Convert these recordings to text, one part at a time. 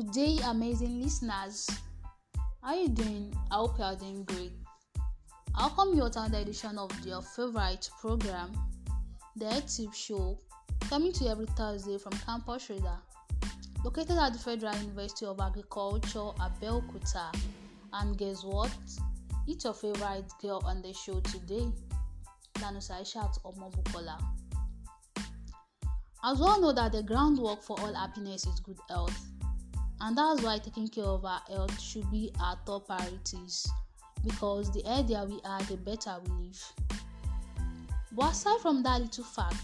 Good day, amazing listeners. How you doing? I hope you are doing great. Welcome you to another edition of your favorite program, The EdTip Show, coming to you every Thursday from Campus Radar, located at the Federal University of Agriculture, Abeokuta. And guess what? It's your favorite girl on the show today, Danusa Ishat Omobukola. As we all know that the groundwork for all happiness is good health and that's why taking care of our health should be our top priorities because the healthier we are, the better we live. But aside from that little fact,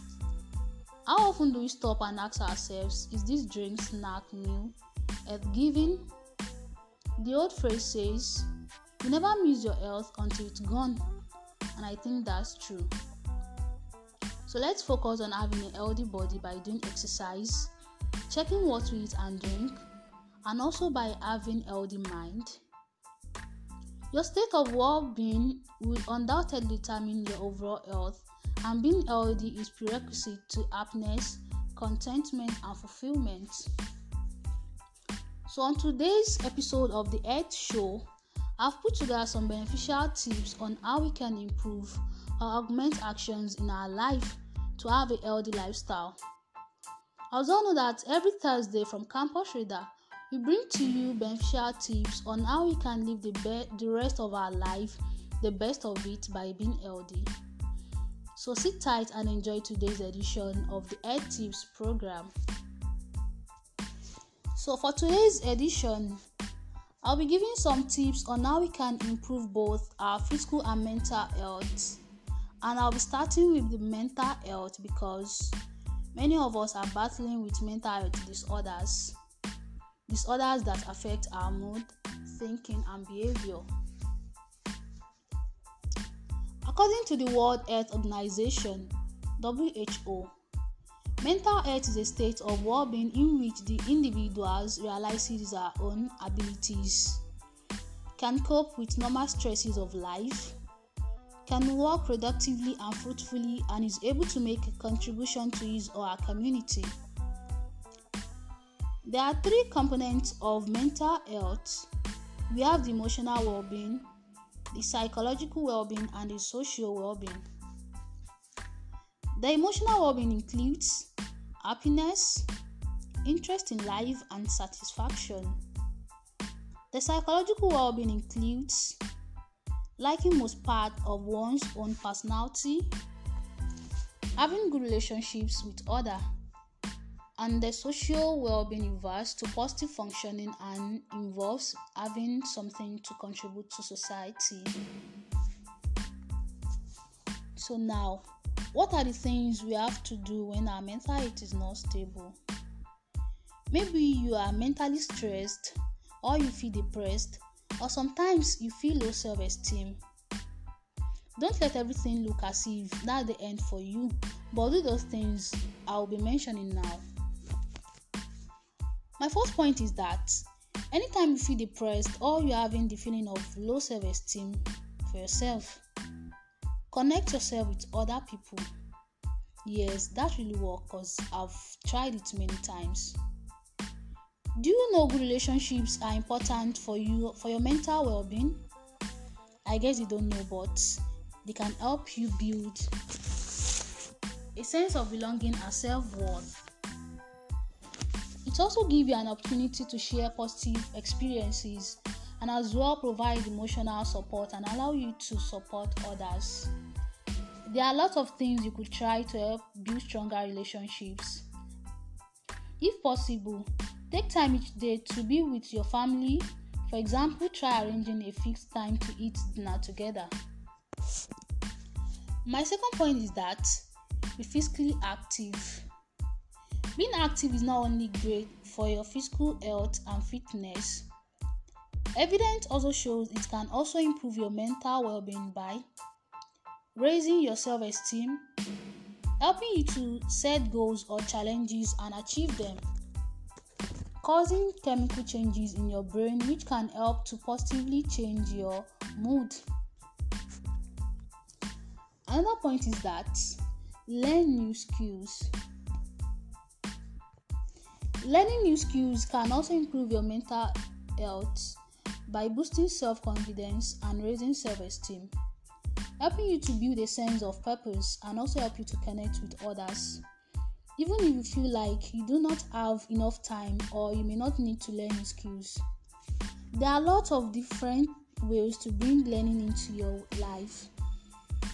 how often do we stop and ask ourselves, is this drink, snack, new, health giving? The old phrase says, you never miss your health until it's gone, and I think that's true. So let's focus on having a healthy body by doing exercise, checking what we eat and drink, and also by having healthy mind. Your state of well-being will undoubtedly determine your overall health, and being healthy is prerequisite to happiness, contentment, and fulfillment. So, on today's episode of the Earth Show, I've put together some beneficial tips on how we can improve or augment actions in our life to have a healthy lifestyle. Also, know that every Thursday from Campus Reader, we bring to you beneficial tips on how we can live the, be- the rest of our life, the best of it, by being healthy. So sit tight and enjoy today's edition of the Ed Tips program. So, for today's edition, I'll be giving some tips on how we can improve both our physical and mental health. And I'll be starting with the mental health because many of us are battling with mental health disorders disorders that affect our mood, thinking, and behavior. According to the World Health Organization (WHO), mental health is a state of well-being in which the individuals realizes their own abilities, can cope with normal stresses of life, can work productively and fruitfully, and is able to make a contribution to his or her community. There are three components of mental health we have the emotional well being, the psychological well being, and the social well being. The emotional well being includes happiness, interest in life, and satisfaction. The psychological well being includes liking most part of one's own personality, having good relationships with others and the social well-being involves to positive functioning and involves having something to contribute to society so now what are the things we have to do when our mental health is not stable maybe you are mentally stressed or you feel depressed or sometimes you feel low self-esteem don't let everything look as if that's the end for you but do those things i'll be mentioning now my fourth point is that anytime you feel depressed or you're having the feeling of low self esteem for yourself, connect yourself with other people. Yes, that really works because I've tried it many times. Do you know good relationships are important for you for your mental well-being? I guess you don't know, but they can help you build a sense of belonging and self-worth. It also gives you an opportunity to share positive experiences and as well provide emotional support and allow you to support others. There are lots of things you could try to help build stronger relationships. If possible, take time each day to be with your family. For example, try arranging a fixed time to eat dinner together. My second point is that be physically active. Being active is not only great for your physical health and fitness, evidence also shows it can also improve your mental well being by raising your self esteem, helping you to set goals or challenges and achieve them, causing chemical changes in your brain which can help to positively change your mood. Another point is that learn new skills. Learning new skills can also improve your mental health by boosting self confidence and raising self esteem, helping you to build a sense of purpose and also help you to connect with others. Even if you feel like you do not have enough time or you may not need to learn new skills, there are lots of different ways to bring learning into your life.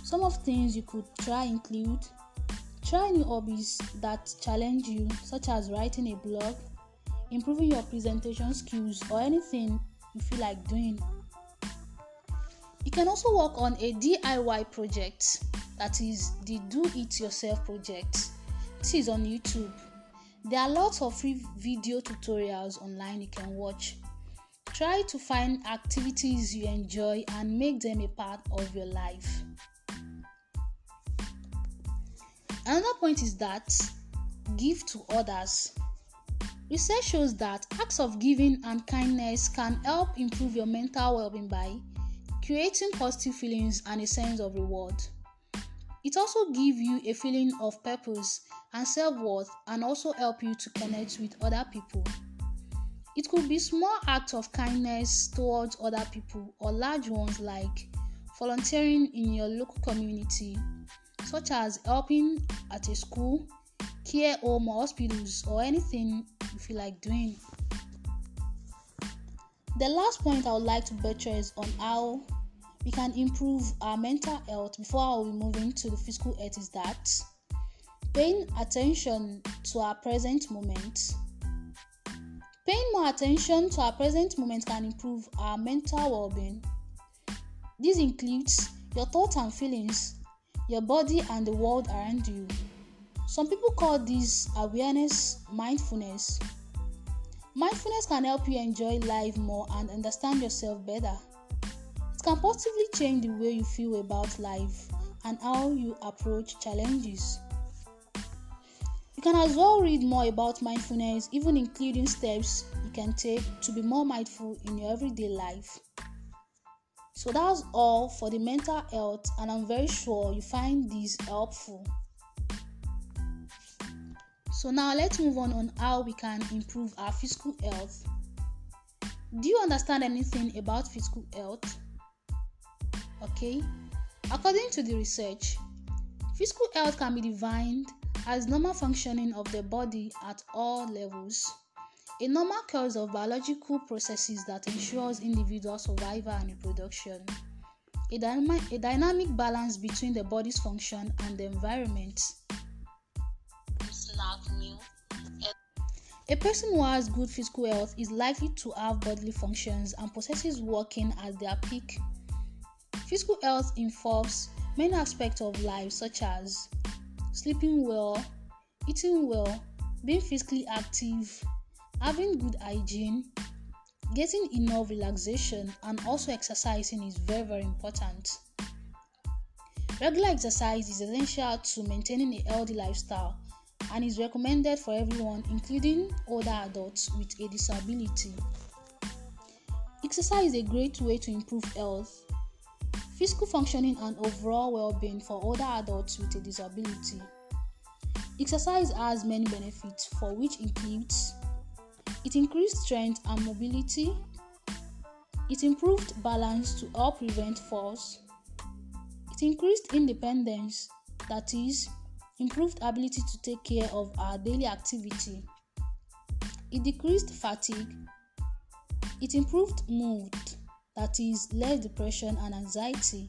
Some of things you could try include Try new hobbies that challenge you, such as writing a blog, improving your presentation skills, or anything you feel like doing. You can also work on a DIY project, that is the do it yourself project. This is on YouTube. There are lots of free video tutorials online you can watch. Try to find activities you enjoy and make them a part of your life. Another point is that give to others. Research shows that acts of giving and kindness can help improve your mental well being by creating positive feelings and a sense of reward. It also gives you a feeling of purpose and self worth and also help you to connect with other people. It could be small acts of kindness towards other people or large ones like volunteering in your local community, such as helping at a school, care home, or hospitals, or anything you feel like doing. The last point I would like to butcher is on how we can improve our mental health before I'll be moving to the physical health is that paying attention to our present moment. Paying more attention to our present moment can improve our mental well being. This includes your thoughts and feelings, your body, and the world around you. Some people call this awareness mindfulness. Mindfulness can help you enjoy life more and understand yourself better. It can positively change the way you feel about life and how you approach challenges. You can as well read more about mindfulness, even including steps you can take to be more mindful in your everyday life. So that's all for the mental health, and I'm very sure you find this helpful. So now let's move on on how we can improve our physical health. Do you understand anything about physical health? Okay. According to the research, physical health can be defined as normal functioning of the body at all levels a normal course of biological processes that ensures individual survival and reproduction. A, dyma- a dynamic balance between the body's function and the environment. A person who has good physical health is likely to have bodily functions and processes working at their peak. Physical health involves many aspects of life, such as sleeping well, eating well, being physically active, Having good hygiene, getting enough relaxation, and also exercising is very, very important. Regular exercise is essential to maintaining a healthy lifestyle and is recommended for everyone, including older adults with a disability. Exercise is a great way to improve health, physical functioning, and overall well being for older adults with a disability. Exercise has many benefits, for which includes it increased strength and mobility. It improved balance to help prevent falls. It increased independence, that is, improved ability to take care of our daily activity. It decreased fatigue. It improved mood, that is, less depression and anxiety.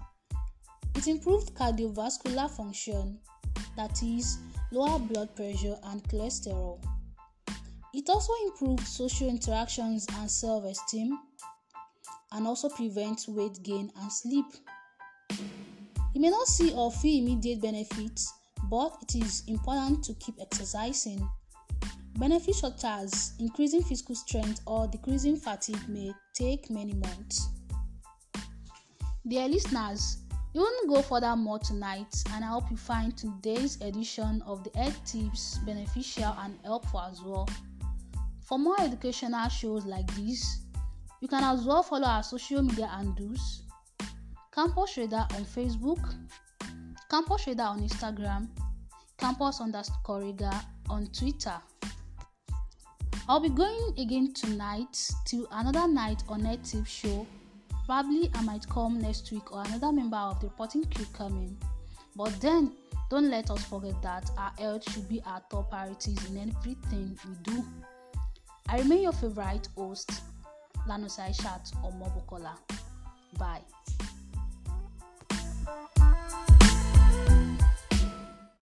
It improved cardiovascular function, that is, lower blood pressure and cholesterol. It also improves social interactions and self esteem, and also prevents weight gain and sleep. You may not see or feel immediate benefits, but it is important to keep exercising. Benefits such as increasing physical strength or decreasing fatigue may take many months. Dear listeners, you won't go further more tonight, and I hope you find today's edition of the Health Tips beneficial and helpful as well. For more educational shows like this, you can as well follow our social media handles Campus Radar on Facebook, Campus Radar on Instagram, Campus underscore on Twitter. I'll be going again tonight to another night on a Tip Show. Probably I might come next week or another member of the reporting crew coming. But then, don't let us forget that our health should be our top priorities in everything we do. I remain your favorite host, Lanusai Shat Omobukola. Bye.